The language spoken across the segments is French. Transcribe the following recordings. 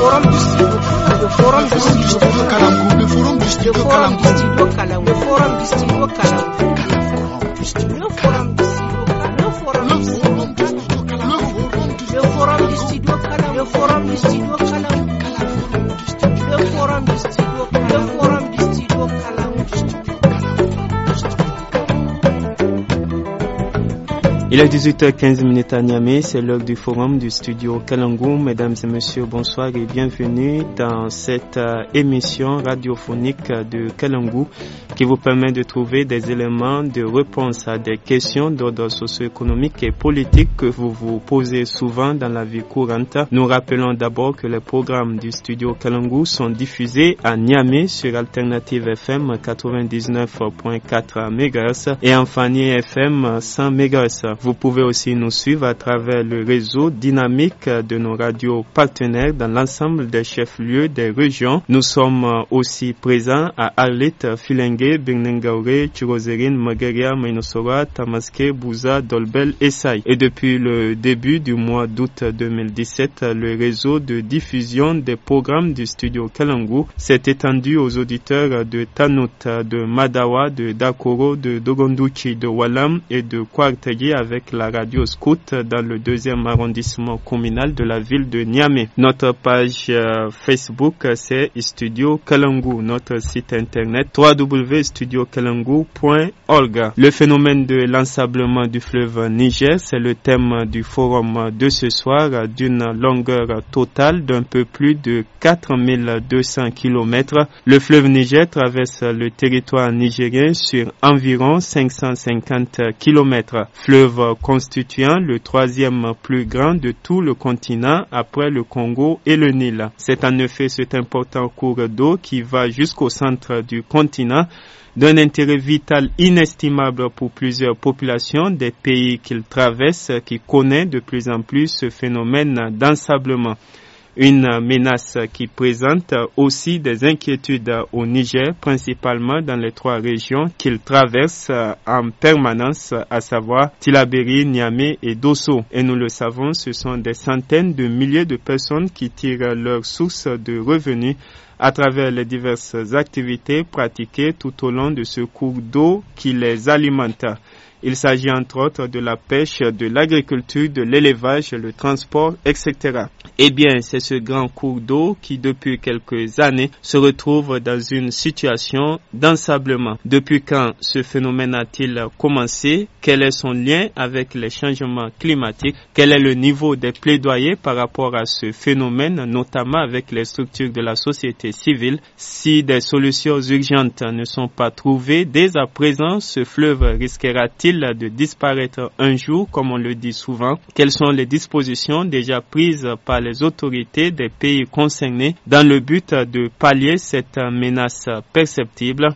forum district the forum district kalangu the forum district kalangu the forum district kalangu the forum is kalangu the forum district the forum is kalangu the forum district Il est 18h15 à c'est l'heure du forum du studio Kalangou. Mesdames et messieurs, bonsoir et bienvenue dans cette euh, émission radiophonique euh, de Kalangou qui vous permet de trouver des éléments de réponse à des questions d'ordre socio-économique et politique que vous vous posez souvent dans la vie courante. Nous rappelons d'abord que les programmes du studio Kalangu sont diffusés à Niamey sur Alternative FM 99.4 MHz et en Fanny FM 100 MHz. Vous pouvez aussi nous suivre à travers le réseau dynamique de nos radios partenaires dans l'ensemble des chefs-lieux des régions. Nous sommes aussi présents à Arlit, Filengue, Dolbel et Et depuis le début du mois d'août 2017, le réseau de diffusion des programmes du studio Kalangu s'est étendu aux auditeurs de Tanout, de Madawa, de Dakoro, de Dogonduchi, de Walam et de Kwartagi avec la radio Scout dans le deuxième arrondissement communal de la ville de Niamey. Notre page euh, Facebook, c'est Studio Kalangu. Notre site internet www le phénomène de l'ensablement du fleuve Niger, c'est le thème du forum de ce soir d'une longueur totale d'un peu plus de 4200 km. Le fleuve Niger traverse le territoire nigérien sur environ 550 km. Fleuve constituant le troisième plus grand de tout le continent après le Congo et le Nil. C'est en effet cet important cours d'eau qui va jusqu'au centre du continent d'un intérêt vital inestimable pour plusieurs populations des pays qu'il traverse qui connaît de plus en plus ce phénomène d'ensablement. Une menace qui présente aussi des inquiétudes au Niger, principalement dans les trois régions qu'il traverse en permanence, à savoir Tilaberi, Niamey et Dosso. Et nous le savons, ce sont des centaines de milliers de personnes qui tirent leur source de revenus à travers les diverses activités pratiquées tout au long de ce cours d'eau qui les alimenta. Il s'agit entre autres de la pêche, de l'agriculture, de l'élevage, le transport, etc. Eh bien, c'est ce grand cours d'eau qui, depuis quelques années, se retrouve dans une situation d'ensablement. Depuis quand ce phénomène a-t-il commencé Quel est son lien avec les changements climatiques Quel est le niveau des plaidoyers par rapport à ce phénomène, notamment avec les structures de la société civile Si des solutions urgentes ne sont pas trouvées dès à présent, ce fleuve risquera-t-il de disparaître un jour, comme on le dit souvent Quelles sont les dispositions déjà prises par les autorités des pays concernés dans le but de pallier cette menace perceptible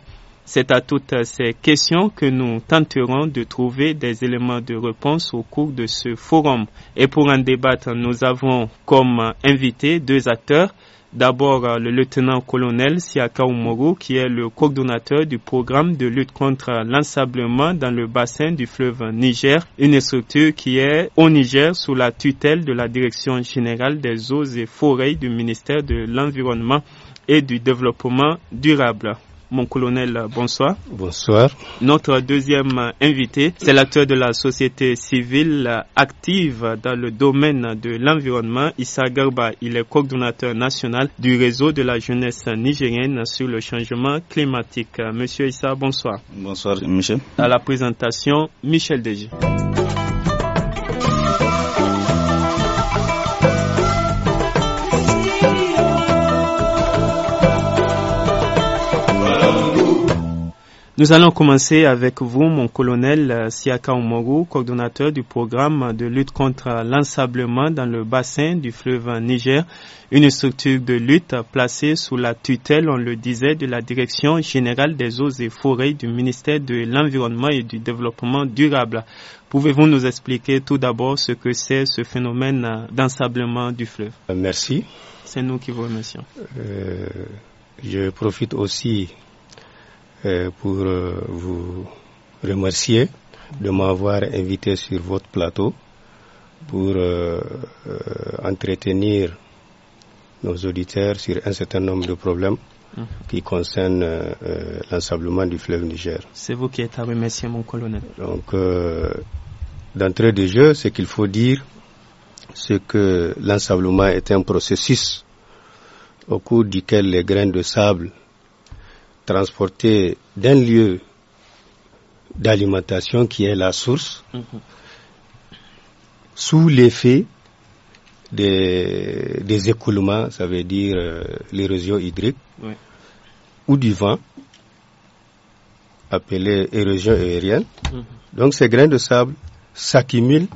c'est à toutes ces questions que nous tenterons de trouver des éléments de réponse au cours de ce forum. Et pour en débattre, nous avons comme invité deux acteurs D'abord, euh, le lieutenant-colonel Siaka Umoru, qui est le coordonnateur du programme de lutte contre l'ensablement dans le bassin du fleuve Niger, une structure qui est au Niger sous la tutelle de la Direction générale des eaux et forêts du ministère de l'Environnement et du Développement durable. Mon colonel, bonsoir. Bonsoir. Notre deuxième invité, c'est l'acteur de la société civile active dans le domaine de l'environnement, Issa Garba. Il est coordonnateur national du réseau de la jeunesse nigérienne sur le changement climatique. Monsieur Issa, bonsoir. Bonsoir, Michel. À la présentation, Michel Deji. Nous allons commencer avec vous, mon colonel euh, Siaka Umoru, coordonnateur du programme de lutte contre l'ensablement dans le bassin du fleuve Niger, une structure de lutte placée sous la tutelle, on le disait, de la Direction générale des eaux et forêts du ministère de l'Environnement et du Développement durable. Pouvez-vous nous expliquer tout d'abord ce que c'est ce phénomène euh, d'ensablement du fleuve euh, Merci. C'est nous qui vous remercions. je profite aussi euh, pour euh, vous remercier de m'avoir invité sur votre plateau pour euh, entretenir nos auditeurs sur un certain nombre de problèmes mhm. qui concernent euh, l'ensablement du fleuve Niger. C'est vous qui êtes à remercier, mon colonel. Donc, euh, d'entrée de jeu, ce qu'il faut dire, c'est que l'ensablement est un processus au cours duquel les grains de sable transporter d'un lieu d'alimentation qui est la source mhm. sous l'effet des, écoulements, ça veut dire euh, l'érosion hydrique ou du vent appelé érosion aérienne. Mhm. Donc ces grains de sable s'accumulent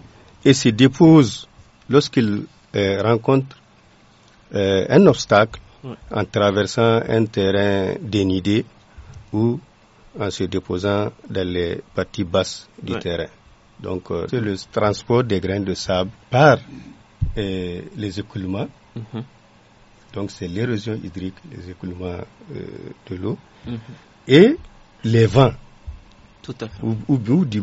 et se déposent lorsqu'ils euh, rencontrent euh, un obstacle en traversant un terrain dénudé ou en se déposant dans les parties basses du terrain. Donc, euh, c'est le transport des grains de sable par euh, les écoulements. Mhm. Donc, c'est l'érosion hydrique, les écoulements euh, de l'eau. Mhm. Et les vents. Tout à fait. Ou, du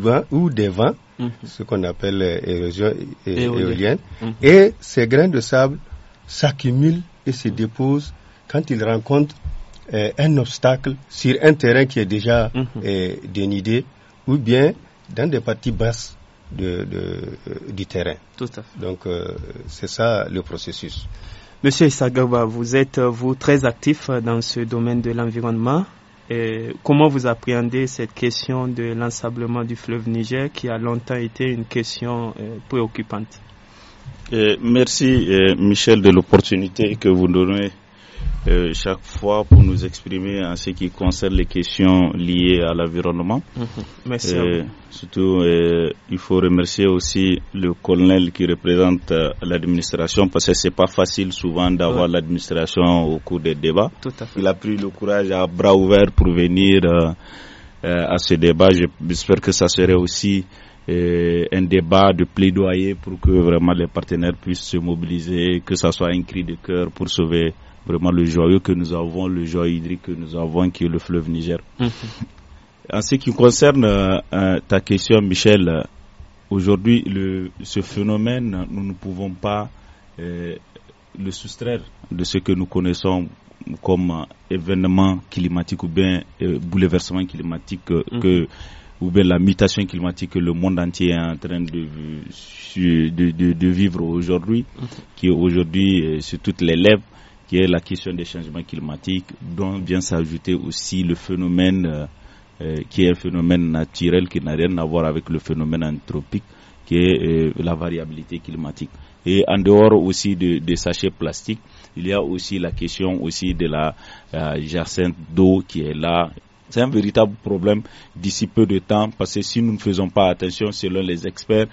des vents, mhm. ce qu'on appelle érosion éolienne. Et ces grains de sable s'accumulent et se dépose quand il rencontre euh, un obstacle sur un terrain qui est déjà mhm. euh, dénudé ou bien dans des parties basses euh, du terrain. Donc c'est ça le processus. Monsieur Isagaba, vous êtes vous très actif dans ce domaine de l'environnement. Comment vous appréhendez cette question de l'ensablement du fleuve Niger qui a longtemps été une question préoccupante euh, merci euh, Michel de l'opportunité que vous donnez euh, chaque fois pour nous exprimer en ce qui concerne les questions liées à l'environnement. Mhm. merci. Surtout, il faut remercier aussi le colonel qui représente l'administration parce que c'est pas facile souvent d'avoir l'administration au cours des débats. Tout à fait. Il a pris le courage à bras ouverts pour venir à ce débat. J'espère que ça serait aussi un débat de plaidoyer pour que vraiment les partenaires puissent se mobiliser, que ça soit un cri de cœur pour sauver vraiment le joyau que nous avons, le joyau hydrique que nous avons, qui est le fleuve Niger. Mhm. En ce qui concerne euh, ta question, Michel, aujourd'hui, ce phénomène, nous ne pouvons pas euh, le soustraire de ce que nous connaissons comme événement climatique ou bien euh, bouleversement climatique mhm. que ou bien la mutation climatique que le monde entier est en train de, de, vivre aujourd'hui, mhm. qui est aujourd'hui euh, sur toutes les lèvres, qui est la question des changements climatiques, dont vient s'ajouter aussi le phénomène euh, euh, qui est un phénomène naturel qui n'a rien à voir avec le phénomène anthropique, qui est la variabilité climatique. Et en dehors aussi des de sachets plastiques, il y a aussi la question aussi de la jacinthe d'eau qui est là, c'est un véritable problème d'ici peu de temps parce que si nous ne faisons pas attention, selon les experts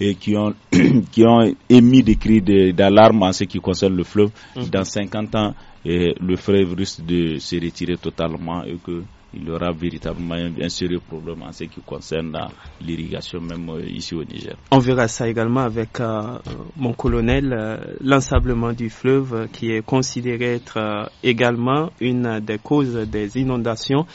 et qui ont, qui ont émis des cris d'alarme en ce qui concerne le fleuve, mm. dans 50 ans, le fleuve risque de se retirer totalement et que il y aura véritablement un, sérieux problème en ce qui concerne l'irrigation même euh, ici au Niger. On verra ça également avec euh, mon colonel, euh, l'ensablement du fleuve qui est considéré être également une des causes des inondations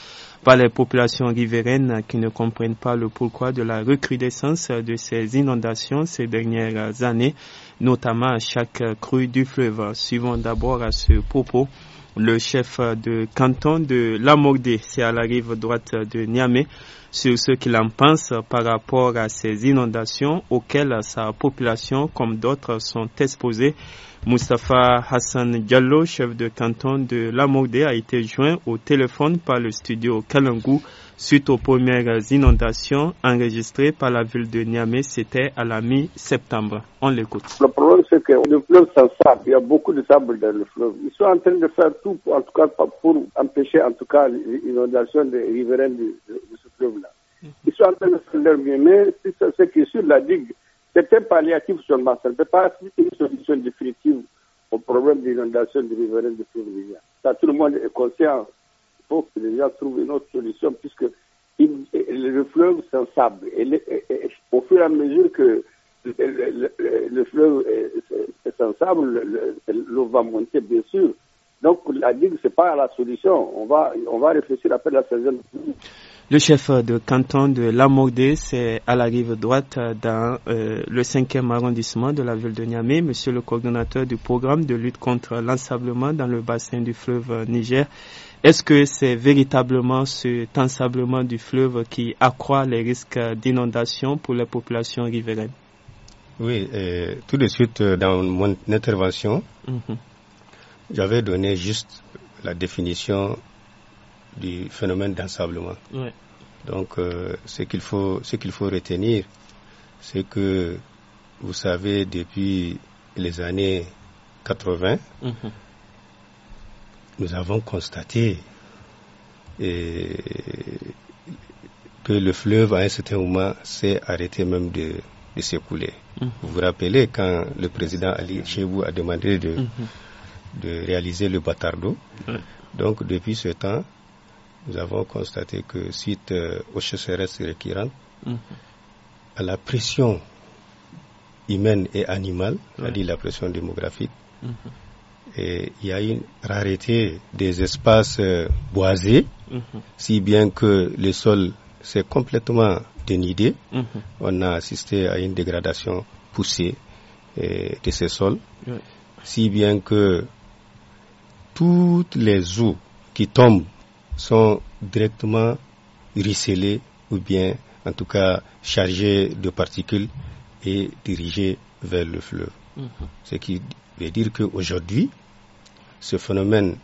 par les populations riveraines qui ne comprennent pas le pourquoi de la recrudescence de ces inondations ces dernières années, notamment à chaque crue du fleuve. Suivons d'abord à ce propos le chef de canton de Lamogdé, c'est à la rive droite de Niamey, sur ce qu'il en pense par rapport à ces inondations auxquelles sa population, comme d'autres, sont exposées. Mustapha Hassan Diallo, chef de canton de Lamogdé, a été joint au téléphone par le studio Kalangou suite aux premières inondations enregistrées par la ville de Niamey. C'était à la mi-septembre. On l'écoute. Le problème, c'est que le fleuve sans sable, il y a beaucoup de sable dans le fleuve. Ils sont en train de faire tout, pour, en tout cas, pour empêcher, en tout cas, l'inondation des riverains de, ce fleuve-là. Mhm. Ils sont en train de faire leur mieux, mais ce qui est sur la digue, c'est un palliatif seulement. Ça ne peut pas être une solution définitive au problème d'inondation des riverains de fleuve. Ça, tout le monde est conscient faut que les une autre solution, puisque le fleuve, c'est un sable. Et, au fur et à mesure que le, fleuve est un sable, l'eau va monter, bien sûr. Donc la digue, ce n'est pas la solution. On va, on va réfléchir après la saison. Le chef de canton de Lamordé, c'est à la rive droite dans euh, le 5e arrondissement de la ville de Niamey. Monsieur le coordonnateur du programme de lutte contre l'ensablement dans le bassin du fleuve Niger, est-ce que c'est véritablement ce ensablement du fleuve qui accroît les risques d'inondation pour les populations riveraines? Oui, tout de suite euh, dans mon intervention, mhm. j'avais donné juste la définition du phénomène d'ensablement. Donc, euh, ce qu'il faut, ce qu'il faut retenir, c'est que vous savez depuis les années 80, nous avons constaté que le fleuve, à un certain moment, s'est arrêté même de, s'écouler. Mm-hmm. Vous vous rappelez quand le président Ali Chebou a demandé de, mm-hmm. de réaliser le bâtardeau. Donc, depuis ce temps, nous avons constaté que suite euh, au récurrentes, récurrente, mm-hmm. à la pression humaine et animale, c'est-à-dire la pression démographique, il y a une rareté des espaces euh, boisés, mhm. si bien que le sol s'est complètement dénudé. Mhm. On a assisté à une dégradation poussée euh, de ces sols, si bien que toutes les eaux qui tombent sont directement ruisselées ou bien en tout cas chargées de particules et dirigées vers le fleuve. Mhm. Ce qui veut dire qu'aujourd'hui, ce phénomène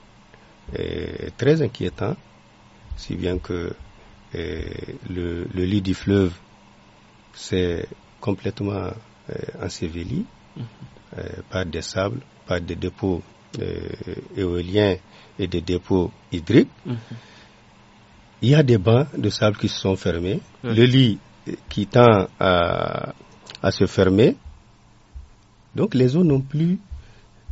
est très inquiétant, si bien que eh, le, lit du fleuve s'est complètement eh, enseveli mhm. eh, par des sables, par des dépôts éoliens et des dépôts hydriques. Mhm. Il y a des bancs de sable qui se sont fermés. Le lit qui tend à se fermer. Donc les eaux n'ont plus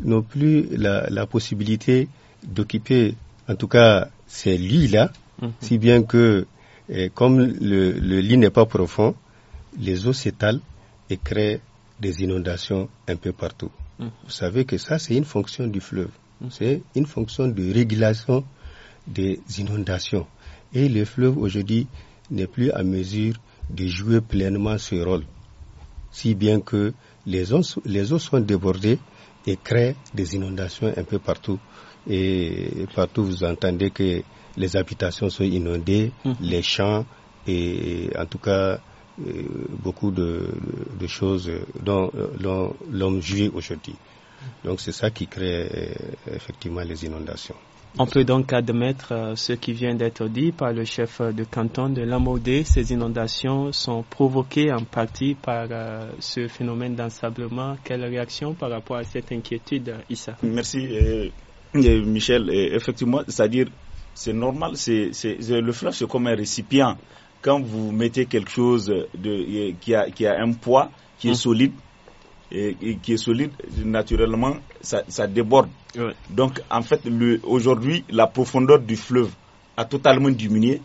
n'ont plus la, possibilité d'occuper, en tout cas, ces lits-là, mhm. si bien que, eh, comme le, lit n'est pas profond, les eaux s'étalent et créent des inondations un peu partout. Mhm. Vous savez que ça, c'est une fonction du fleuve. Mhm. C'est une fonction de régulation des inondations. Et le fleuve, aujourd'hui, n'est plus à mesure de jouer pleinement ce rôle. Si bien que les les eaux sont débordées et crée des inondations un peu partout. Et partout, vous entendez que les habitations sont inondées, mhm. les champs, et en tout cas, euh, beaucoup de, choses dont, dont l'homme jouit aujourd'hui. Donc c'est ça qui crée euh, effectivement les inondations. On peut donc admettre euh, ce qui vient d'être dit par le chef de canton de Lamodé. Ces inondations sont provoquées en partie par euh, ce phénomène d'ensablement. Quelle réaction par rapport à cette inquiétude, Issa Merci, euh, Michel. Effectivement, c'est-à-dire, c'est normal. C'est, le fleuve, c'est comme un récipient. Quand vous mettez quelque chose de, qui, a, qui a un poids, qui est hum. solide, et, qui est solide, naturellement, ça, déborde. Donc, en fait, aujourd'hui, la profondeur du fleuve a totalement diminué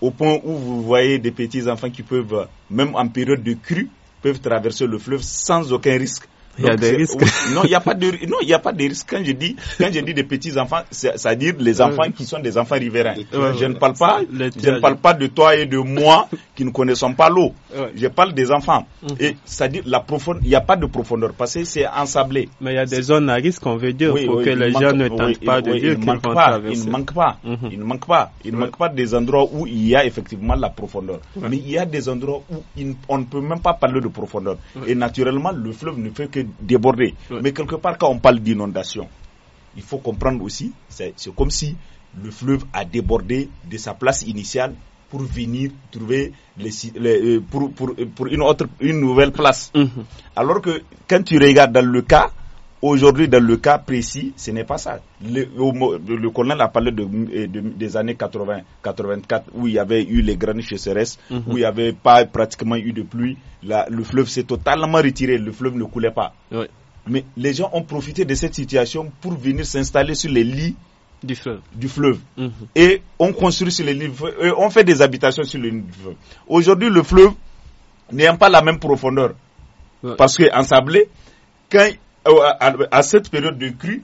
au point où vous voyez des petits enfants qui peuvent, même en période de crue, peuvent traverser le fleuve sans aucun risque. Il y a des risques. non, il n'y a pas de, non, il y a pas de risques. Quand je dis, quand je dis des petits enfants, c'est-à-dire les enfants qui sont des enfants riverains. je ne parle pas, je ne parle pas de toi et de moi qui ne connaissons pas l'eau. Je parle des enfants. Mhm. Et c'est-à-dire la profonde, il n'y a pas de profondeur parce que c'est ensablé. Mais il y a des zones à risque, on veut dire, pour que les gens ne tentent pas de Il ne mhm. manque pas, il ne manque pas, il ne manque pas des endroits où il y a effectivement la profondeur. Mais il y a des endroits où on ne peut même pas parler de profondeur. Et naturellement, le fleuve ne fait que déborder. Mais quelque part, quand on parle d'inondation, il faut comprendre aussi, c'est comme si le fleuve a débordé de sa place initiale pour venir trouver euh, pour, pour, pour, une autre une nouvelle place. Mhm. Alors que quand tu regardes dans le cas Aujourd'hui, dans le cas précis, ce n'est pas ça. Le, le, colonel a parlé de, des années 80, 84, où il y avait eu les grandes chasseresses, mhm. où il n'y avait pas pratiquement eu de pluie. La, le fleuve s'est totalement retiré, le fleuve ne coulait pas. Mais les gens ont profité de cette situation pour venir s'installer sur les lits du fleuve. Mhm. Et on construit sur les lits, on fait des habitations sur les lits du fleuve. Aujourd'hui, le fleuve n'ayant pas la même profondeur, parce qu'en sablé, quand euh, à, cette période de crue,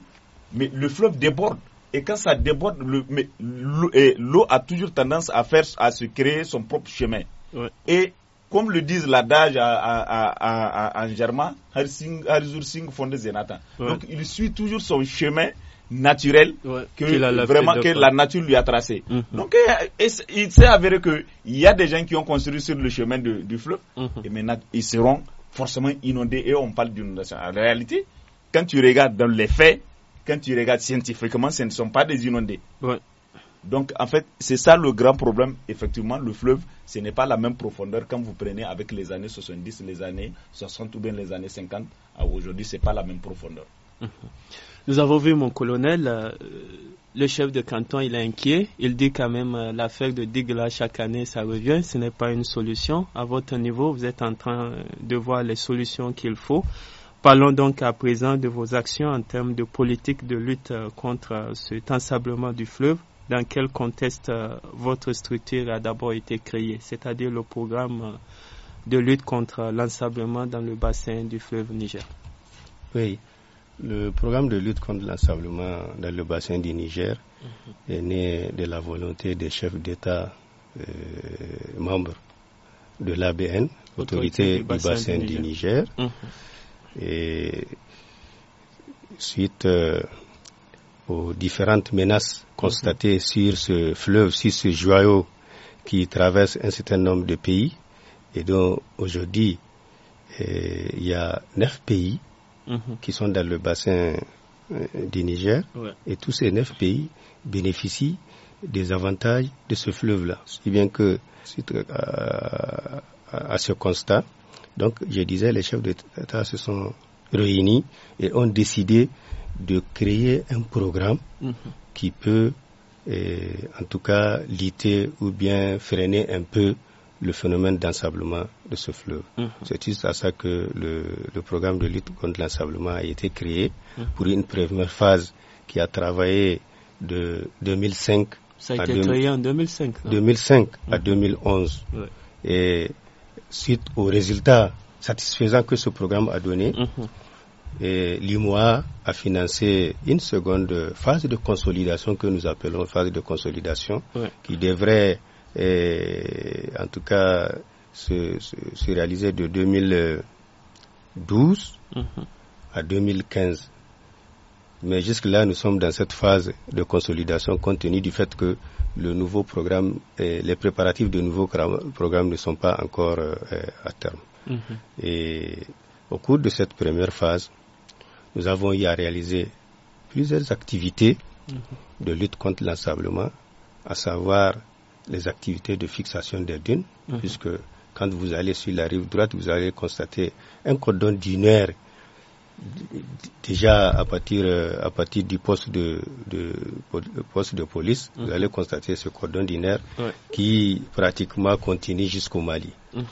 mais le fleuve déborde. Et quand ça déborde, l'eau a toujours tendance à, faire, à se créer son propre chemin. Et comme le disent l'adage en german, Germain, Donc il suit toujours son chemin naturel que, vraiment que la nature lui a tracé. Mm-hmm. Donc il s'est avéré qu'il y a des gens qui ont construit sur le chemin du fleuve, mm-hmm. et maintenant ils seront forcément inondés et on parle d'inondation. En réalité, quand tu regardes dans les faits, quand tu regardes scientifiquement, ce ne sont pas des inondés. Donc, en fait, c'est ça le grand problème. Effectivement, le fleuve, ce n'est pas la même profondeur quand vous prenez avec les années 70, les années 60 ou bien les années 50. Aujourd'hui, ce n'est pas la même profondeur. Nous avons vu, mon colonel, euh, le chef de canton, il est inquiet. Il dit quand même euh, l'affaire de Digla chaque année, ça revient. Ce n'est pas une solution. À votre niveau, vous êtes en train euh, de voir les solutions qu'il faut. Parlons donc à présent de vos actions en termes de politique de lutte euh, contre cet ensablement du fleuve. Dans quel contexte votre structure a d'abord été créée, c'est-à-dire le programme de lutte contre l'ensablement dans le bassin du fleuve Niger Oui, le programme de lutte contre l'ensablement dans le bassin du Niger mhm. est né de la volonté des chefs d'État euh, membres de l'ABN, Autorité, du bassin, du, Niger. Mhm. Et suite euh, aux différentes menaces constatées mhm. sur ce fleuve, sur ce joyau qui traverse un certain nombre de pays, et dont aujourd'hui, euh, il y a neuf pays Mhm. qui sont dans le bassin euh, du Niger. Et tous ces neuf pays bénéficient des avantages de ce fleuve-là. Si bien que, suite euh, à, ce constat, donc je disais, les chefs d'État se sont réunis et ont décidé de créer un programme mhm. qui peut, euh, en tout cas, lutter ou bien freiner un peu le phénomène d'ensablement de ce fleuve. Hum. C'est juste à ça que le, programme de lutte contre l'ensablement a été créé hum. pour une première phase qui a travaillé de 2005 ça a été à créé en 2005. 2005 à 2011. Hum. Et suite aux résultats satisfaisants que ce programme a donné, et l'IMOA a financé une seconde phase de consolidation que nous appelons phase de consolidation, qui devrait et en tout cas se, se, réaliser de 2012 mhm. à 2015. Mais jusque-là, nous sommes dans cette phase de consolidation compte tenu du fait que le nouveau programme et les préparatifs de nouveau programme ne sont pas encore euh, à terme. Mhm. Et au cours de cette première phase, nous avons eu à réaliser plusieurs activités mhm. de lutte contre l'ensablement, à savoir les activités de fixation des dunes, mhm. puisque quand vous allez sur la rive droite, vous allez constater un cordon dunaire déjà à partir euh, à partir du poste de, poste de police vous mhm. allez constater ce cordon dunaire qui pratiquement continue jusqu'au Mali mhm.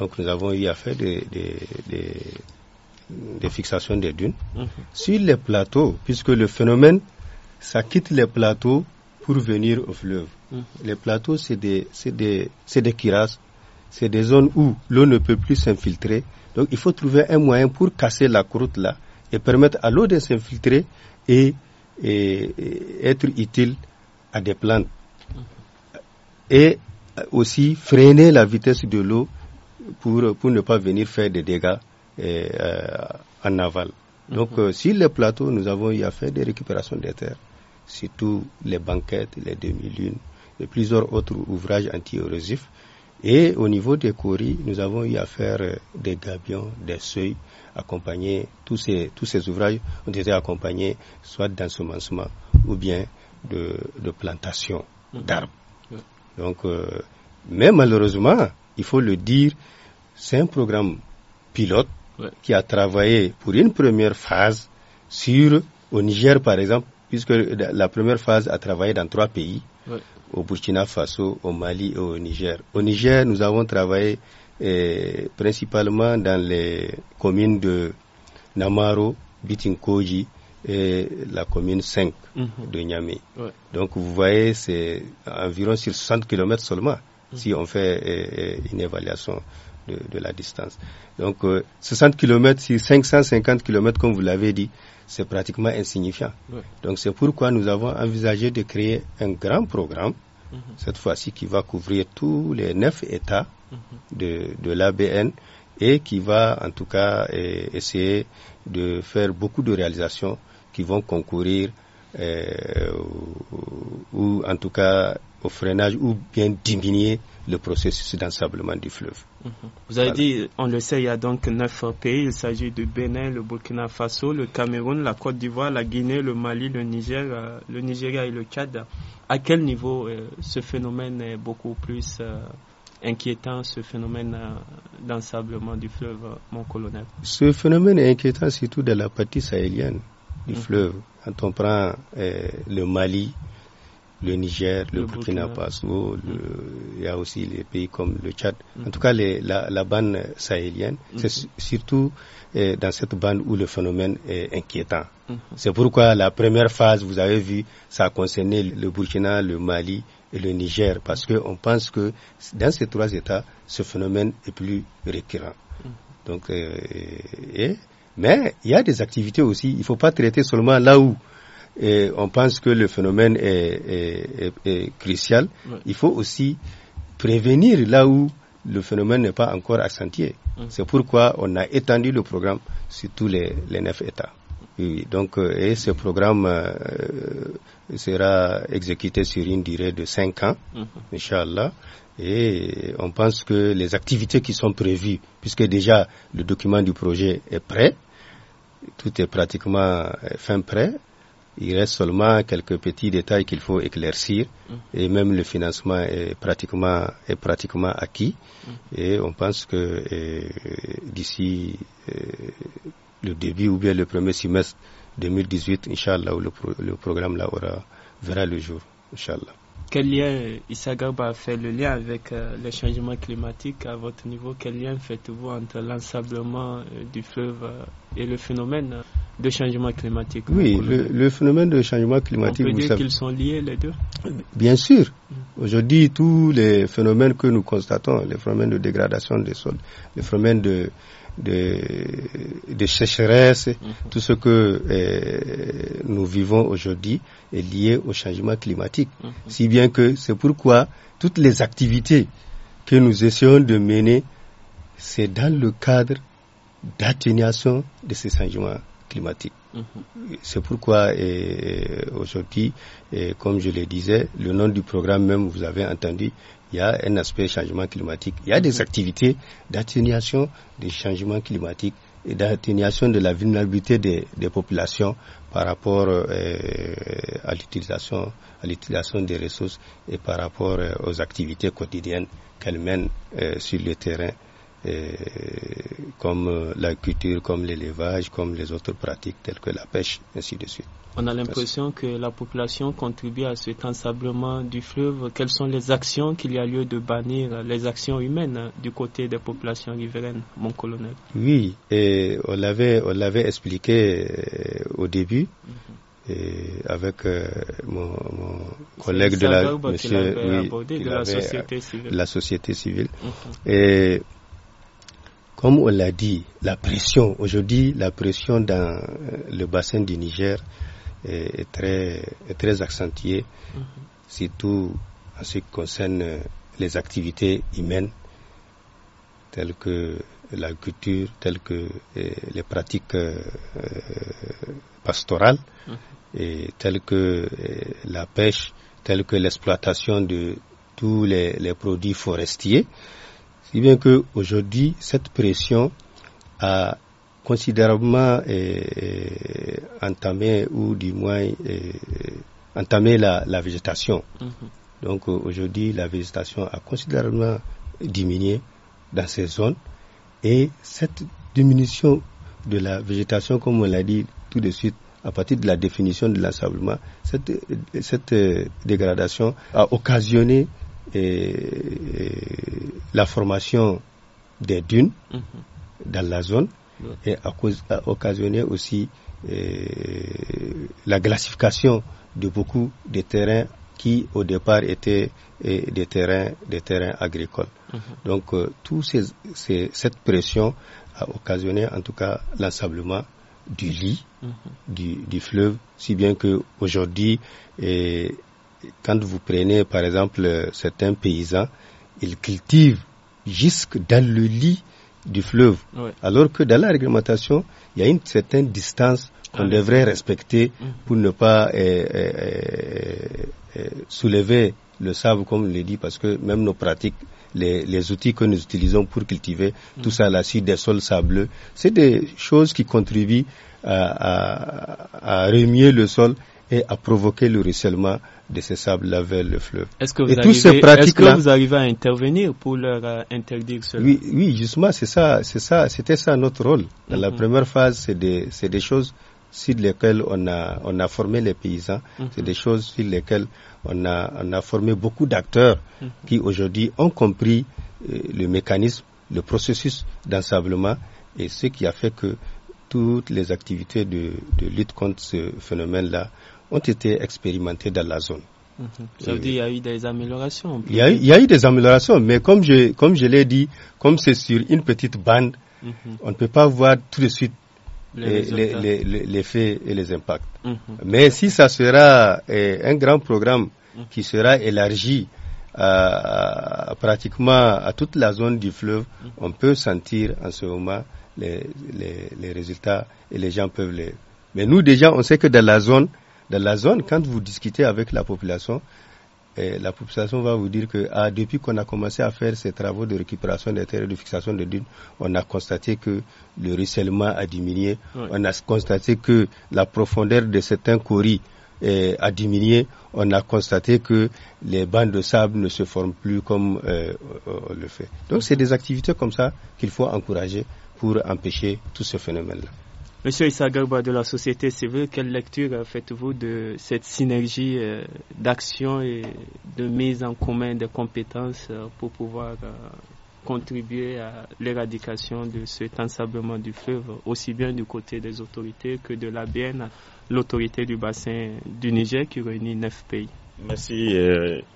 donc nous avons eu à des, fixations des dunes sur les plateaux puisque le phénomène ça quitte les plateaux pour venir au fleuve les plateaux, c'est des, des, des c'est des zones où l'eau ne peut plus s'infiltrer. Donc il faut trouver un moyen pour casser la croûte là et permettre à l'eau de s'infiltrer et, être utile à des plantes. Et aussi freiner la vitesse de l'eau pour, ne pas venir faire des dégâts euh, en aval. Donc, mhm. euh, sur les plateaux, nous avons eu à faire des récupérations des terres, surtout les banquettes, les demi-lunes, et plusieurs autres ouvrages anti-érosifs. Et au niveau des courries, nous avons eu affaire euh, des gabions, des seuils, accompagnés, tous ces, tous ces ouvrages ont été accompagnés soit d'ensemencement ou bien de, de plantation mm-hmm. d'arbres. Donc, euh, mais malheureusement, il faut le dire, c'est un programme pilote qui a travaillé pour une première phase sur, au Niger par exemple, puisque la première phase a travaillé dans trois pays au Burkina Faso, au Mali et au Niger. Au Niger, nous avons travaillé eh, principalement dans les communes de Namaro, Bitinkoji et la commune 5 mhm. de Niamey. Donc vous voyez, c'est environ sur 60 km seulement mhm. si on fait eh, une évaluation. De, la distance. Donc, 60 km, c'est 550 km, comme vous l'avez dit, c'est pratiquement insignifiant. Donc c'est pourquoi nous avons envisagé de créer un grand programme, mhm. cette fois-ci qui va couvrir tous les neuf États mhm. de, l'ABN et qui va en tout cas eh, essayer de faire beaucoup de réalisations qui vont concourir eh, ou, en tout cas au freinage ou bien diminuer le processus d'ensablement du fleuve. Mhm. Vous avez dit, on le sait, il y a donc neuf pays. Il s'agit du Bénin, le Burkina Faso, le Cameroun, la Côte d'Ivoire, la Guinée, le Mali, le Niger, euh, le Nigeria et le Tchad. À quel niveau euh, ce phénomène est beaucoup plus euh, inquiétant, ce phénomène d'ensablement du fleuve, mon colonel Ce phénomène est inquiétant surtout de la partie sahélienne du mhm. fleuve. Quand on prend le Mali, le Niger, le, Burkina, Faso, il y a aussi les pays comme le Tchad. En mhm. tout cas, la, la, bande sahélienne, mhm. c'est surtout eh, dans cette bande où le phénomène est inquiétant. Mhm. C'est pourquoi la première phase, vous avez vu, ça a concerné le Burkina, le Mali et le Niger, parce qu'on pense que dans ces trois États, ce phénomène est plus récurrent. Donc, euh, mais il y a des activités aussi. Il ne faut pas traiter seulement là où et on pense que le phénomène est, est, est, crucial, il faut aussi prévenir là où le phénomène n'est pas encore accentué. C'est pourquoi on a étendu le programme sur tous les, neuf États. donc, euh, et ce programme euh, sera exécuté sur une durée de cinq ans, mmh. Inch'Allah. Et on pense que les activités qui sont prévues, puisque déjà le document du projet est prêt, tout est pratiquement euh, fin prêt, il reste seulement quelques petits détails qu'il faut éclaircir mm. et même le financement est pratiquement, est pratiquement acquis mm. et on pense que euh, d'ici euh, le début ou bien le premier semestre 2018, Inch'Allah, le, le programme là aura, verra le jour, Inch'Allah. Quel lien a fait le lien avec euh, le changement climatique à votre niveau Quel lien faites-vous entre l'ensablement euh, du fleuve euh, et le phénomène de changement climatique Oui, le, le, phénomène de changement climatique. On peut dire qu'ils sont liés les deux Bien sûr. Mm. Aujourd'hui, tous les phénomènes que nous constatons, les phénomènes de dégradation des sols, les phénomènes de de, de sécheresse, mhm. tout ce que euh, nous vivons aujourd'hui est lié au changement climatique. Mhm. Si bien que c'est pourquoi toutes les activités que nous essayons de mener, c'est dans le cadre d'atténuation de ces changements climatiques. Mhm. C'est pourquoi euh, aujourd'hui, euh, comme je le disais, le nom du programme même, vous avez entendu, il y a un aspect changement climatique. Il y a des mm-hmm. activités d'atténuation des changements climatiques et d'atténuation de la vulnérabilité des, populations par rapport euh, à l'utilisation à l'utilisation des ressources et par rapport euh, aux activités quotidiennes qu'elles mènent euh, sur le terrain euh, comme euh, la culture, comme l'élevage, comme les autres pratiques telles que la pêche, ainsi de suite. On a l'impression que la population contribue à cet ensablement du fleuve. Quelles sont les actions qu'il y a lieu de bannir, les actions humaines hein, du côté des populations riveraines, mon colonel Oui, et on l'avait, expliqué euh, au début. Mhm. avec mon, collègue de la, monsieur, de la société civile. La société civile. Mhm. Comme on l'a dit, la pression, aujourd'hui, la pression dans euh, le bassin du Niger est, très, est très accentuée, mhm. surtout en ce qui concerne euh, les activités humaines, telles que la culture, telles que euh, les pratiques pastorales, mhm. telles que la pêche, telles que l'exploitation de tous les produits forestiers. Si bien qu'aujourd'hui, cette pression a considérablement eh, entamé ou du moins eh, entamé la, végétation. Mhm. Donc euh, aujourd'hui, la végétation a considérablement diminué dans ces zones et cette diminution de la végétation, comme on l'a dit tout de suite, à partir de la définition de l'ensablement, cette, cette euh, dégradation a occasionné la formation des dunes mhm. dans la zone et a, cause, occasionné aussi euh, la glacification de beaucoup de terrains qui au départ étaient des terrains, des terrains agricoles. Mhm. Donc euh, toute cette pression a occasionné en tout cas l'ensablement du lit mhm. du, fleuve, si bien que aujourd'hui quand vous prenez par exemple euh, certains paysans, ils cultivent jusque dans le lit du fleuve, alors que dans la réglementation, il y a une certaine distance qu'on ah devrait respecter mmh. pour ne pas euh, euh, soulever le sable, comme l'ai dit, parce que même nos pratiques, les, outils que nous utilisons pour cultiver, mmh. tout ça à la suite des sols sableux, c'est des choses qui contribuent à, à remuer le sol et à provoquer le ruissellement de ces sables vers le fleuve. Est-ce que, vous arrivez, est que vous arrivez à intervenir pour leur euh, interdire cela oui, oui, justement, c'est ça, c'est ça, c'était ça notre rôle. Dans la mm-hmm. première phase, c'est des, c'est des choses sur lesquelles on a, on a formé les paysans, mm-hmm. c'est des choses sur lesquelles on a, on a formé beaucoup d'acteurs mm-hmm. qui aujourd'hui ont compris euh, le mécanisme, le processus d'ensablement et ce qui a fait que toutes les activités de, de lutte contre ce phénomène-là ont été expérimentés dans la zone. Mhm. Ça veut dire qu'il y a eu des améliorations. Il y, a eu, il y, a des améliorations, mais comme je, comme je l'ai dit, comme c'est sur une petite bande, mhm. on ne peut pas voir tout de suite les, les, les, faits et les impacts. Mhm. Mais si ça sera eh, un grand programme qui sera élargi pratiquement à toute la zone du fleuve, on peut sentir en ce moment les, les résultats et les gens peuvent les. Mais nous déjà, on sait que dans la zone, dans la zone, quand vous discutez avec la population, eh, la population va vous dire que ah, depuis qu'on a commencé à faire ces travaux de récupération des terres et de fixation de dunes, on a constaté que le ruissellement a diminué, on a constaté que la profondeur de certains coris eh, a diminué, on a constaté que les bandes de sable ne se forment plus comme eh, on le fait. Donc c'est des activités comme ça qu'il faut encourager pour empêcher tout ce phénomène-là. Monsieur Issa Garba de la société civile, quelle lecture euh, faites-vous de cette synergie euh, d'action et de mise en commun des compétences euh, pour pouvoir contribuer à l'éradication de cet ensablement du fleuve, aussi bien du côté des autorités que de l'ABN, l'autorité du bassin du Niger qui réunit neuf pays. Merci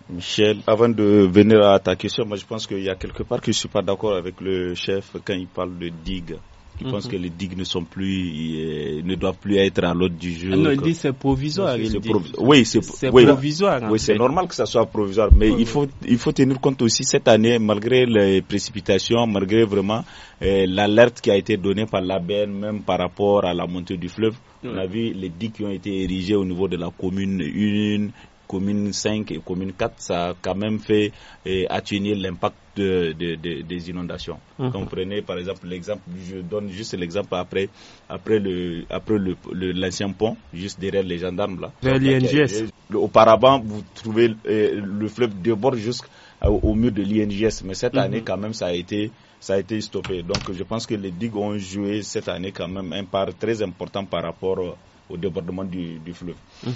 Michel. Avant de venir à ta question, moi je pense qu'il y a quelque part que je ne suis pas d'accord avec le chef quand il parle de digue. Je pense mhm. que les digues ne sont plus, euh, ne doivent plus être à l'ordre du jeu non, il dit c'est provisoire. Oui, c'est provisoire. Oui, c'est normal que ça soit provisoire, mais il mhm. faut il faut tenir compte aussi cette année, malgré les précipitations, malgré vraiment euh, l'alerte qui a été donnée par l'ABN, même par rapport à la montée du fleuve. On a vu les digues qui ont été érigées au niveau de la commune une commune 5 et commune 4, ça a quand même fait eh, atténuer l'impact des inondations. Mmh. comprenez, par exemple l'exemple, je donne juste l'exemple après, après le après le l'ancien pont, juste derrière les gendarmes là. L'INGS. Auparavant, vous trouvez euh, le fleuve déborde jusqu'au euh, au mur de l'INGS, mais cette mhm. année quand même ça a été ça a été stoppé. Donc je pense que les digues ont joué cette année quand même un part très important par rapport au débordement du, fleuve. Mhm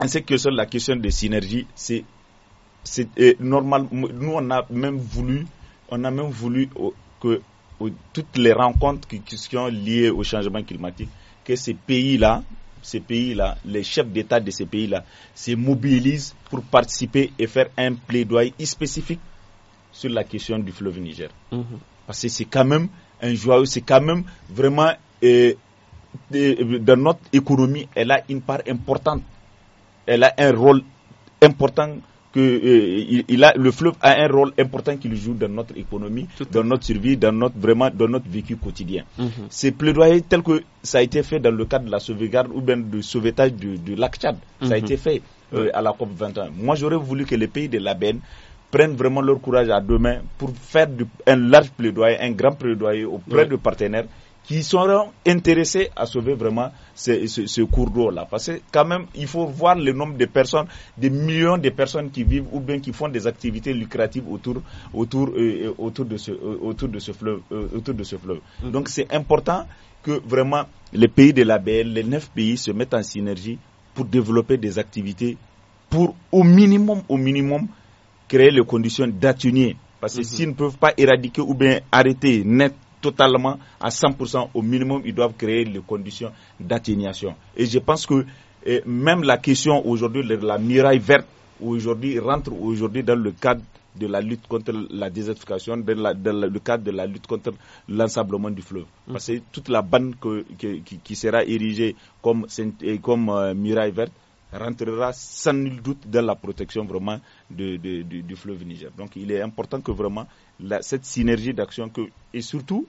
en ce qui concerne la question de synergie c'est normal. Nous, on a même voulu, on a même voulu que toutes les rencontres qui, qui sont liées au changement climatique, que ces pays-là, ces pays-là, les chefs d'État de ces pays-là se mobilisent pour participer et faire un plaidoyer spécifique sur la question du fleuve Niger. Mhm. Parce que c'est quand même un joyau, c'est quand même vraiment, de, dans notre économie, elle a une part importante elle a un rôle important que euh, il, a le fleuve a un rôle important qu'il joue dans notre économie, dans notre survie, dans notre vraiment dans notre vécu quotidien. Mm-hmm. Ces plaidoyers tels que ça a été fait dans le cadre de la sauvegarde ou bien du sauvetage du, lac Tchad, ça a mm-hmm. été fait euh, à la COP 21. Moi, j'aurais voulu que les pays de la Ben prennent vraiment leur courage à deux mains pour faire un large plaidoyer, un grand plaidoyer auprès de partenaires qui seront intéressés à sauver vraiment ce, cours d'eau-là. Parce que quand même, il faut voir le nombre de personnes, des millions de personnes qui vivent ou bien qui font des activités lucratives autour, autour, euh, euh, autour, de, ce, euh, autour de ce fleuve. autour de ce fleuve. Mm. Donc c'est important que vraiment les pays de la les neuf pays se mettent en synergie pour développer des activités pour au minimum, au minimum, créer les conditions d'atténuer. Parce que mm-hmm. s'ils ne peuvent pas éradiquer ou bien arrêter net totalement à 100%, au minimum, ils doivent créer les conditions d'atténuation. Et je pense que eh, même la question aujourd'hui de la miraille verte, aujourd'hui rentre aujourd'hui dans le cadre de la lutte contre la désertification, dans, le cadre de la lutte contre l'ensablement du fleuve. Mm. C'est toute la bande qui, sera érigée comme, eh, comme euh, verte rentrera sans nul doute dans la protection vraiment de, du fleuve Niger. Donc il est important que vraiment cette synergie d'action que, et surtout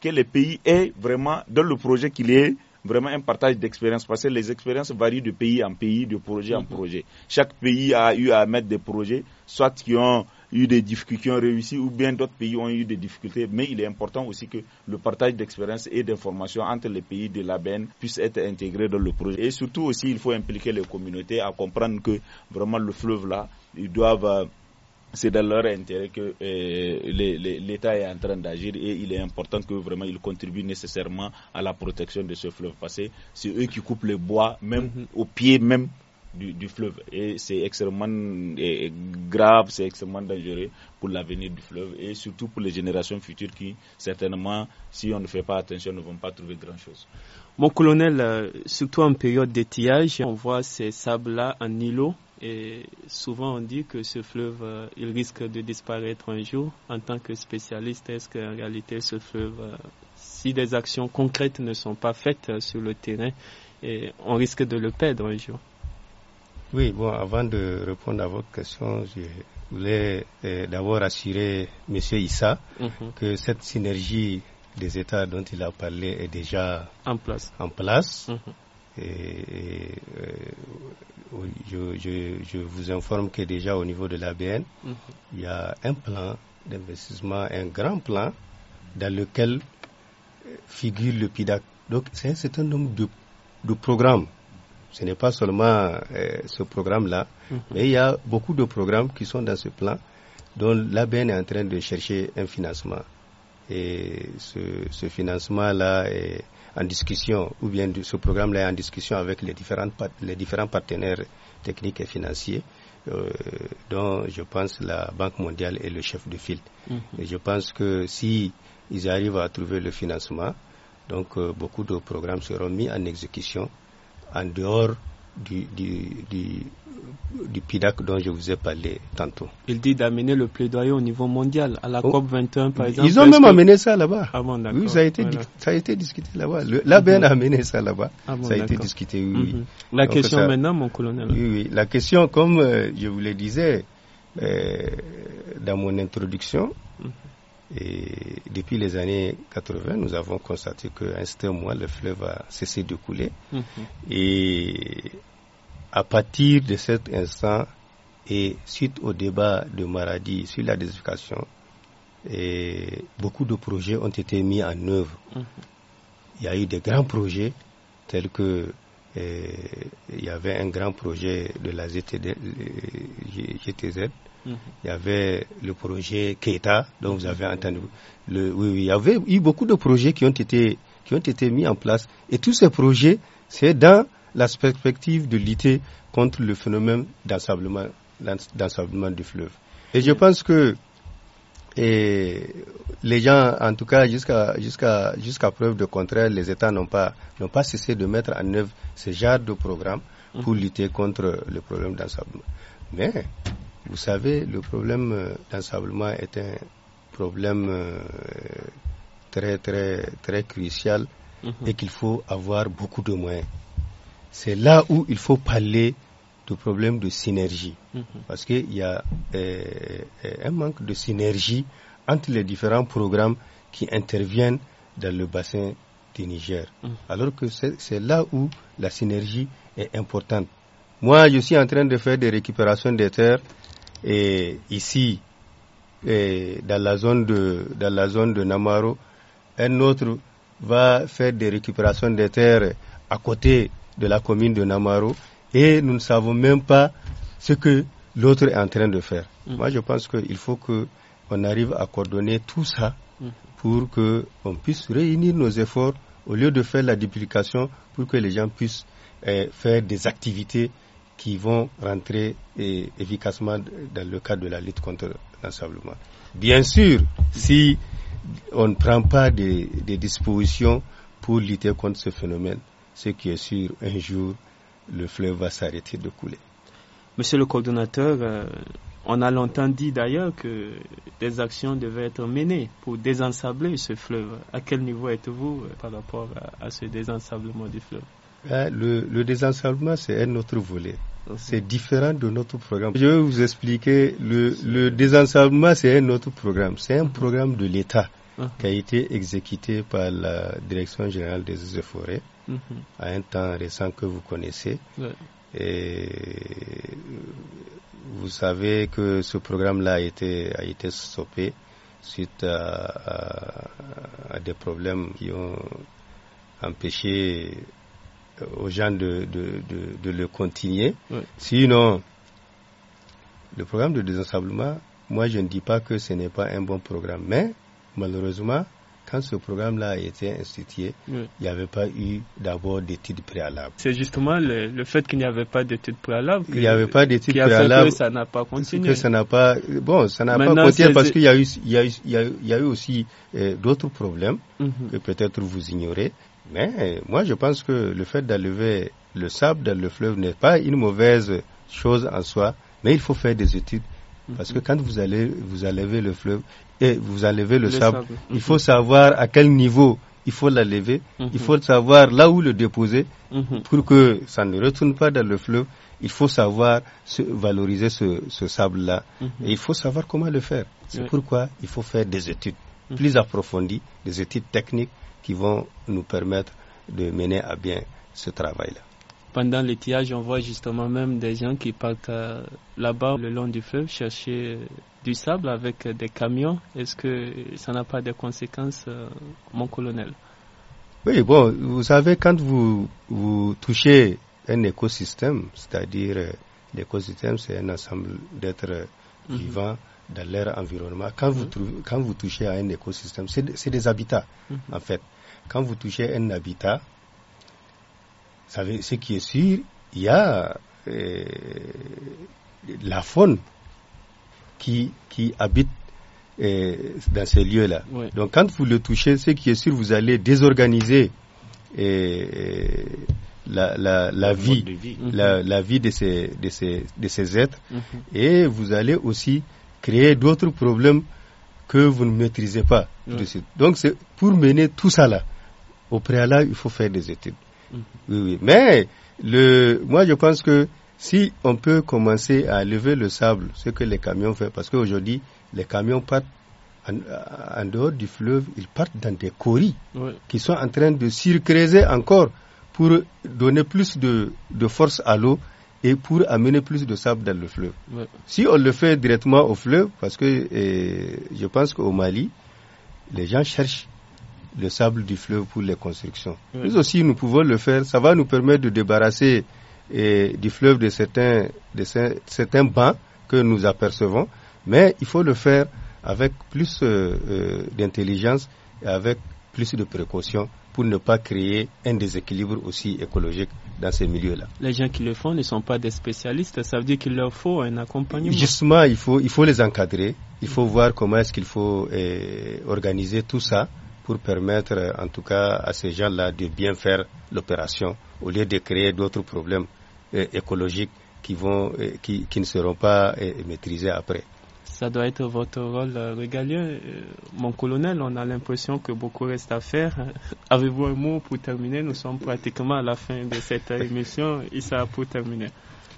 que les pays aient vraiment dans le projet qu'il ait vraiment un partage d'expérience. parce que les expériences varient de pays en pays, de projet en mhm. projet. Chaque pays a eu à mettre des projets, soit qui ont eu des difficultés, qui ont réussi, ou bien d'autres pays ont eu des difficultés. Mais il est important aussi que le partage d'expérience et d'informations entre les pays de l'ABN puisse être intégré dans le projet. Et surtout aussi, il faut impliquer les communautés à comprendre que vraiment le fleuve là, ils doivent euh, c'est dans leur intérêt que euh, l'État est en train d'agir et il est important que vraiment ils contribuent nécessairement à la protection de ce fleuve passé. C'est eux qui coupent le bois, même mhm. au pied même du, du fleuve. Et c'est extrêmement grave, c'est extrêmement dangereux pour l'avenir du fleuve et surtout pour les générations futures qui, certainement, si on ne fait pas attention, ne vont pas trouver grand-chose. Mon colonel, euh, surtout en période d'étiage, on voit ces sables-là en îlot. Et souvent on dit que ce fleuve, euh, il risque de disparaître un jour. En tant que spécialiste, est-ce qu'en réalité ce fleuve, euh, si des actions concrètes ne sont pas faites sur le terrain, on risque de le perdre un jour oui, bon, avant de répondre à votre question, je voulais euh, d'abord assurer M. Issa mhm. que cette synergie des États dont il a parlé est déjà en place. En place. Mhm. Et, euh, je, vous informe que déjà au niveau de l'ABN, mhm. il y a un plan d'investissement, un grand plan dans lequel euh, figure le PIDAC. Donc c'est un certain nombre de, de programmes ce n'est pas seulement euh, ce programme-là, mhm. mais il y a beaucoup de programmes qui sont dans ce plan dont l'ABN est en train de chercher un financement. Et ce, financement-là est en discussion, ou bien ce programme-là est en discussion avec les, différentes, les différents partenaires techniques et financiers. Euh, dont je pense la Banque mondiale est le chef de file. Mhm. je pense que si arrivent à trouver le financement, donc euh, beaucoup de programmes seront mis en exécution en dehors du, du, du, PIDAC dont je vous ai parlé tantôt. Il dit d'amener le plaidoyer au niveau mondial, à la COP21 par exemple. Ils ont même amené ça là-bas. Ah bon, oui, ça a été, ça a été discuté là-bas. L'ABN mm a mhm. amené ça là-bas. Ah bon, ça a été discuté, oui. Mhm. La question maintenant, mon colonel. Oui, oui. La question, comme euh, je vous le disais euh, dans mon introduction, mhm. Et depuis les années 80, nous avons constaté qu'à un certain moment, le fleuve a cessé de couler. Mhm. Et à partir de cet instant, et suite au débat de Maradi sur la désification, beaucoup de projets ont été mis en œuvre. Mhm. Il y a eu des grands projets tels que euh, il y avait un grand projet de la ZTD, euh, GTZ. Mhm. Il y avait le projet Keta, dont vous avez entendu. Le, oui, oui, il y avait eu beaucoup de projets qui ont été, qui ont été mis en place. Et tous ces projets, c'est dans la perspective de lutter contre le phénomène d'ensablement, du fleuve. Et je mhm. pense que et les gens, en tout cas, jusqu'à jusqu'à jusqu'à preuve de contraire, les États n'ont pas n'ont pas cessé de mettre en œuvre ce genre de programme mmh. pour lutter contre le problème d'ensablement. Mais vous savez, le problème euh, d'ensablement est un problème euh, très très très crucial mmh. et qu'il faut avoir beaucoup de moyens. C'est là où il faut parler problème de synergie. Mhm. Parce qu'il y a euh, euh, un manque de synergie entre les différents programmes qui interviennent dans le bassin du Niger. Mhm. Alors que c'est là où la synergie est importante. Moi, je suis en train de faire des récupérations des terres et ici, et dans la zone de dans la zone de Namaro, un autre va faire des récupérations des terres à côté de la commune de Namaro et nous ne savons même pas ce que l'autre est en train de faire. Mm. Moi, je pense qu'il faut qu'on arrive à coordonner tout ça mm. pour qu'on puisse réunir nos efforts au lieu de faire la duplication pour que les gens puissent eh, faire des activités qui vont rentrer eh, efficacement dans le cadre de la lutte contre l'ensemblement. Bien sûr, si on ne prend pas des dispositions pour lutter contre ce phénomène, ce qui est sûr, un jour, le fleuve va s'arrêter de couler. Monsieur le coordonnateur, euh, on a longtemps dit d'ailleurs que des actions devaient être menées pour désensabler ce fleuve. À quel niveau êtes-vous euh, par rapport à, ce désensablement du fleuve euh, le, le désensablement, c'est un autre volet. C'est différent de notre programme. Je vais vous expliquer, le, le désensablement, c'est un autre programme. C'est un programme de l'État ah. qui a été exécuté par la Direction générale des eaux forêts Mm-hmm. à un temps récent que vous connaissez. Et vous savez que ce programme-là a été, a été stoppé suite à, des problèmes qui ont empêché aux gens de, le continuer. Sinon, le programme de désensablement, moi je ne dis pas que ce n'est pas un bon programme, mais malheureusement, quand ce programme-là a été institué, il n'y avait pas eu d'abord d'études préalables. C'est justement le, fait qu'il n'y avait pas d'études préalables. il n'y avait pas d'études préalables. Que ça n'a pas continué. ça n'a pas, bon, ça n'a pas continué parce qu'il y, y, y a eu, aussi euh, d'autres problèmes mhm. que peut-être vous ignorez. Mais moi, je pense que le fait d'enlever le sable dans le fleuve n'est pas une mauvaise chose en soi, mais il faut faire des études Mhm. Parce que quand vous allez vous enlevez le fleuve et vous enlevez le, le sable, il mhm. faut savoir à quel niveau il faut la mhm. il faut savoir là où le déposer pour que ça ne retourne pas dans le fleuve. Il faut savoir valoriser ce, sable-là. Et il faut savoir comment le faire. C'est pourquoi il faut faire des études plus approfondies, des études techniques qui vont nous permettre de mener à bien ce travail-là. Pendant l'étiage, on voit justement même des gens qui partent euh, là-bas le long du fleuve chercher euh, du sable avec euh, des camions. Est-ce que ça n'a pas de conséquences, mon colonel Oui, bon, vous savez, quand vous, touchez un écosystème, c'est-à-dire l'écosystème, c'est un ensemble d'êtres mhm. vivants dans leur environnement. Mhm. Quand, vous, touchez à un écosystème, c'est des habitats, mhm. en fait. Quand vous touchez un habitat, savez, ce qui est sûr, il y a euh, la faune qui, qui habite euh, dans ces lieux-là. Donc quand vous le touchez, ce qui est sûr, vous allez désorganiser euh, la, la, la vie, la, vie de ces, de ces, de ces êtres mhm. et vous allez aussi créer d'autres problèmes que vous ne maîtrisez pas. Donc Donc pour mener tout ça là, au préalable, il faut faire des études. Oui, oui. Mais le, moi, je pense que si on peut commencer à lever le sable, ce que les camions font, parce qu'aujourd'hui, les camions partent en, dehors du fleuve, ils partent dans des coris qui sont en train de surcreuser encore pour donner plus de, force à l'eau et pour amener plus de sable dans le fleuve. Si on le fait directement au fleuve, parce que eh, je pense qu'au Mali, les gens cherchent le sable du fleuve pour les constructions. Nous aussi, nous pouvons le faire. Ça va nous permettre de débarrasser eh, du fleuve de certains, de certains bancs que nous apercevons. Mais il faut le faire avec plus euh, euh, d'intelligence et avec plus de précautions pour ne pas créer un déséquilibre aussi écologique dans ces milieux-là. Les gens qui le font ne sont pas des spécialistes, ça veut dire qu'il leur faut un accompagnement. Justement, il faut, il faut les encadrer, il faut mm. voir comment est-ce qu'il faut eh, organiser tout ça pour permettre en tout cas à ces gens-là de bien faire l'opération au lieu de créer d'autres problèmes euh, écologiques qui, vont, euh, qui, qui, ne seront pas euh, maîtrisés après. Ça doit être votre rôle régalien. Mon colonel, on a l'impression que beaucoup reste à faire. Avez-vous un mot pour terminer Nous sommes pratiquement à la fin de cette émission. Issa, pour terminer.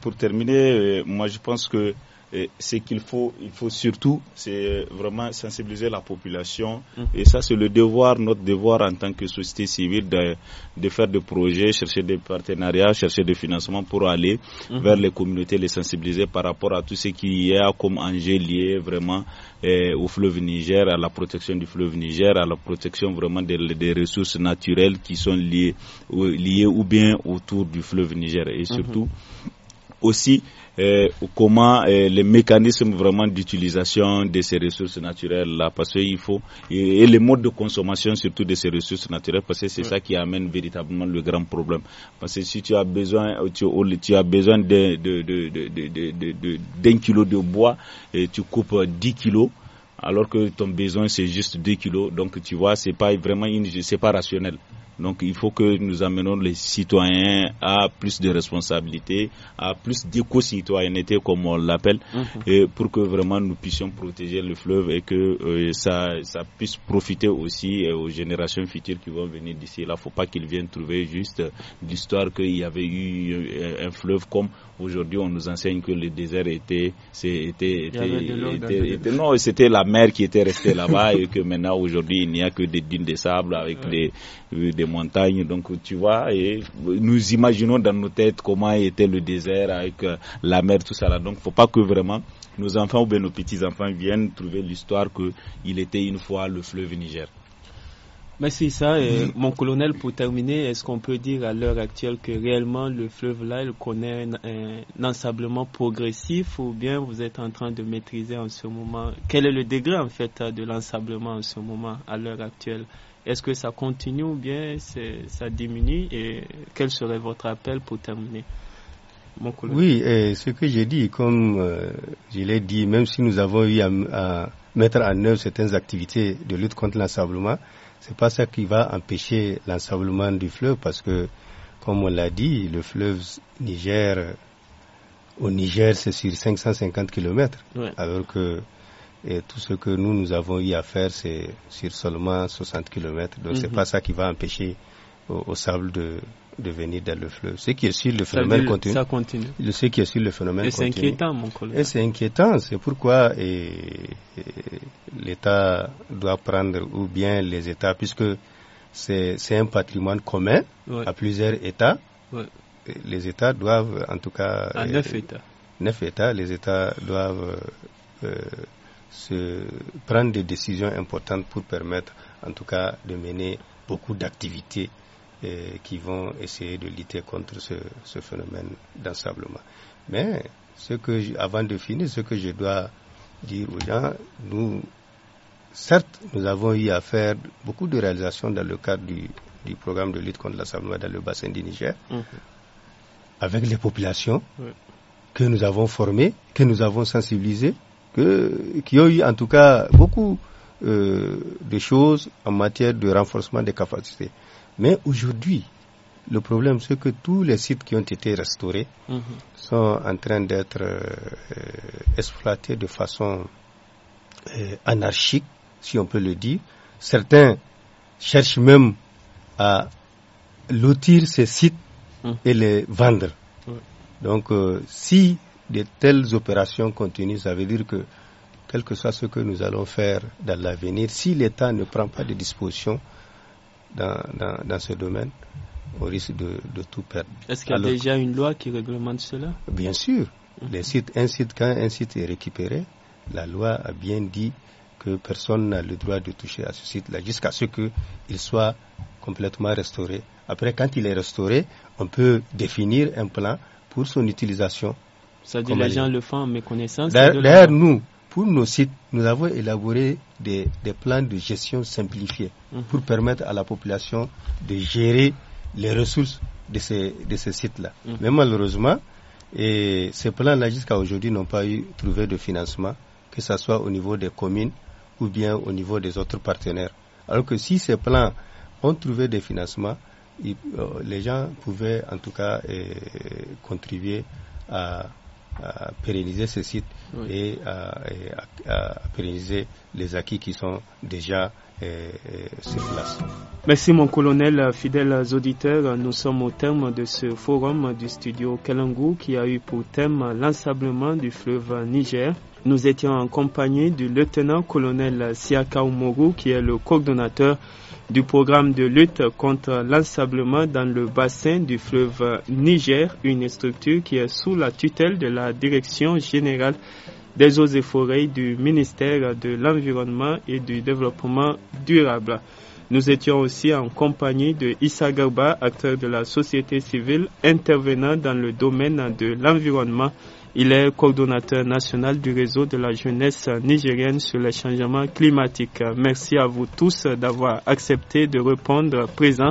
Pour terminer, moi je pense que et ce qu'il faut, il faut surtout, c'est vraiment sensibiliser la population. Mm-hmm. Et ça, c'est le devoir, notre devoir en tant que société civile de, faire des projets, chercher des partenariats, chercher des financements pour aller mm-hmm. vers les communautés, les sensibiliser par rapport à tout ce qui y a comme enjeu lié vraiment eh, au fleuve Niger, à la protection du fleuve Niger, à la protection vraiment des, des ressources naturelles qui sont liées, ou, liées ou bien autour du fleuve Niger. Et mm-hmm. surtout, aussi euh, comment euh, les mécanismes vraiment d'utilisation de ces ressources naturelles là parce qu'il faut et, les modes de consommation surtout de ces ressources naturelles parce que c'est ça qui amène véritablement le grand problème parce que si tu as besoin tu, as besoin d'un de, de, kilo de bois et tu coupes 10 kilos alors que ton besoin c'est juste 2 kilos donc tu vois c'est pas vraiment c'est pas rationnel donc il faut que nous amenons les citoyens à plus de responsabilités, à plus d'éco-citoyenneté comme on l'appelle, mhm. pour que vraiment nous puissions protéger le fleuve et que euh, ça, puisse profiter aussi euh, aux générations futures qui vont venir d'ici. Là, faut pas qu'ils viennent trouver juste euh, l'histoire qu'il y avait eu un fleuve comme Aujourd'hui, on nous enseigne que le désert était, c'était, non, c'était la mer qui était restée là-bas et que maintenant aujourd'hui il n'y a que des dunes de sable avec des, des, montagnes. Donc tu vois, et nous imaginons dans nos têtes comment était le désert avec euh, la mer, tout ça là. Donc faut pas que vraiment nos enfants ou nos petits enfants viennent trouver l'histoire qu'il était une fois le fleuve Niger. Merci ça. Euh, mon colonel, pour terminer, est-ce qu'on peut dire à l'heure actuelle que réellement le fleuve là, il connaît un, ensablement progressif ou bien vous êtes en train de maîtriser en ce moment Quel est le degré en fait de l'ensablement en ce moment à l'heure actuelle Est-ce que ça continue ou bien ça diminue Et quel serait votre appel pour terminer mon colonel Oui, ce que j'ai dit, comme euh, je l'ai dit, même si nous avons eu à, à mettre en œuvre certaines activités de lutte contre l'ensablement, c'est pas ça qui va empêcher l'ensablement du fleuve parce que, comme on l'a dit, le fleuve Niger, au Niger, c'est sur 550 km. Alors que tout ce que nous, nous avons eu à faire, c'est sur seulement 60 km. Donc, c'est mhm. pas ça qui va empêcher au sable de, de venir dans le fleuve. Ce qui est sûr, le phénomène continue. Ça continue. qui le phénomène et continue. Et c'est inquiétant, mon collègue. Et c'est inquiétant. C'est pourquoi l'État doit prendre ou bien les États, puisque c'est un patrimoine commun à plusieurs États. Les États doivent, en tout cas. À euh, neuf États. Neuf États, les États doivent euh, se prendre des décisions importantes pour permettre, en tout cas, de mener beaucoup d'activités qui vont essayer de lutter contre ce, ce phénomène d'ensablement. Mais ce que avant de finir, ce que je dois dire aux gens, nous, certes, nous avons eu à faire beaucoup de réalisations dans le cadre du, du programme de lutte contre l'ensablement dans le bassin du Niger, mmh. avec les populations que nous avons formées, que nous avons sensibilisées, que, qui ont eu en tout cas beaucoup euh, de choses en matière de renforcement des capacités. Mais aujourd'hui, le problème, c'est que tous les sites qui ont été restaurés mhm. sont en train d'être euh, exploités de façon euh, anarchique, si on peut le dire. Certains cherchent même à lotir ces sites mhm. et les vendre. Donc, euh, si de telles opérations continuent, ça veut dire que, quel que soit ce que nous allons faire dans l'avenir, si l'État ne prend pas de dispositions, dans, ce domaine au risque de, tout perdre. Est-ce qu'il y a déjà une loi qui réglemente cela Bien sûr. Mmh. Les sites, un site, quand un site est récupéré, la loi a bien dit que personne n'a le droit de toucher à ce site-là jusqu'à ce qu'il soit complètement restauré. Après, quand il est restauré, on peut définir un plan pour son utilisation. Ça dit les gens le font en méconnaissance. D'ailleurs, nous, pour nos sites, nous avons élaboré des, plans de gestion simplifiés mhm. pour permettre à la population de gérer les ressources de ces, de ces sites-là. Mhm. Mais malheureusement, ces plans-là jusqu'à aujourd'hui n'ont pas eu trouvé de financement, que ce soit au niveau des communes ou bien au niveau des autres partenaires. Alors que si ces plans ont trouvé des financements, euh, les gens pouvaient en tout cas contribuer à à euh, pérenniser ce site et, à, euh, euh, pérenniser les acquis qui sont déjà sur place. Merci mon colonel, fidèles auditeurs, nous sommes au terme de ce forum du studio Kalangu qui a eu pour thème l'ensemblement du fleuve Niger. Nous étions en compagnie du lieutenant-colonel Siaka Omoru qui est le coordonnateur du programme de lutte contre l'ensablement dans le bassin du fleuve Niger, une structure qui est sous la tutelle de la Direction générale des eaux et forêts du ministère de l'Environnement et du Développement durable. Nous étions aussi en compagnie de Issa Garba, acteur de la société civile intervenant dans le domaine de l'environnement il est coordonnateur national du réseau de la jeunesse nigérienne sur les changements climatiques. Merci à vous tous d'avoir accepté de répondre présent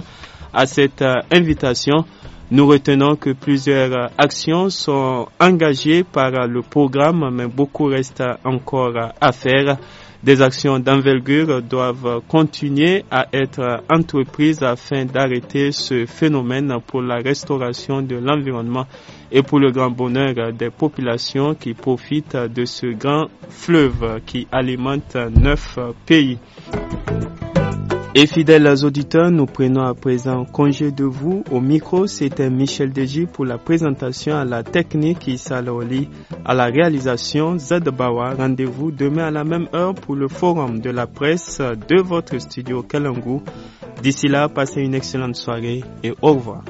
à cette euh, invitation. Nous retenons que plusieurs euh, actions sont engagées par le programme, mais beaucoup reste encore à faire. Des actions d'envergure doivent continuer à être entreprises afin d'arrêter ce phénomène pour la restauration de l'environnement et pour le grand bonheur des populations qui profitent de ce grand fleuve qui alimente neuf pays. Et fidèles auditeurs, nous prenons à présent congé de vous. Au micro, c'était Michel Deji pour la présentation à la technique Issa Laoli, à la réalisation Bawa. Rendez-vous demain à la même heure pour le forum de la presse de votre studio Kalangu. D'ici là, passez une excellente soirée et au revoir.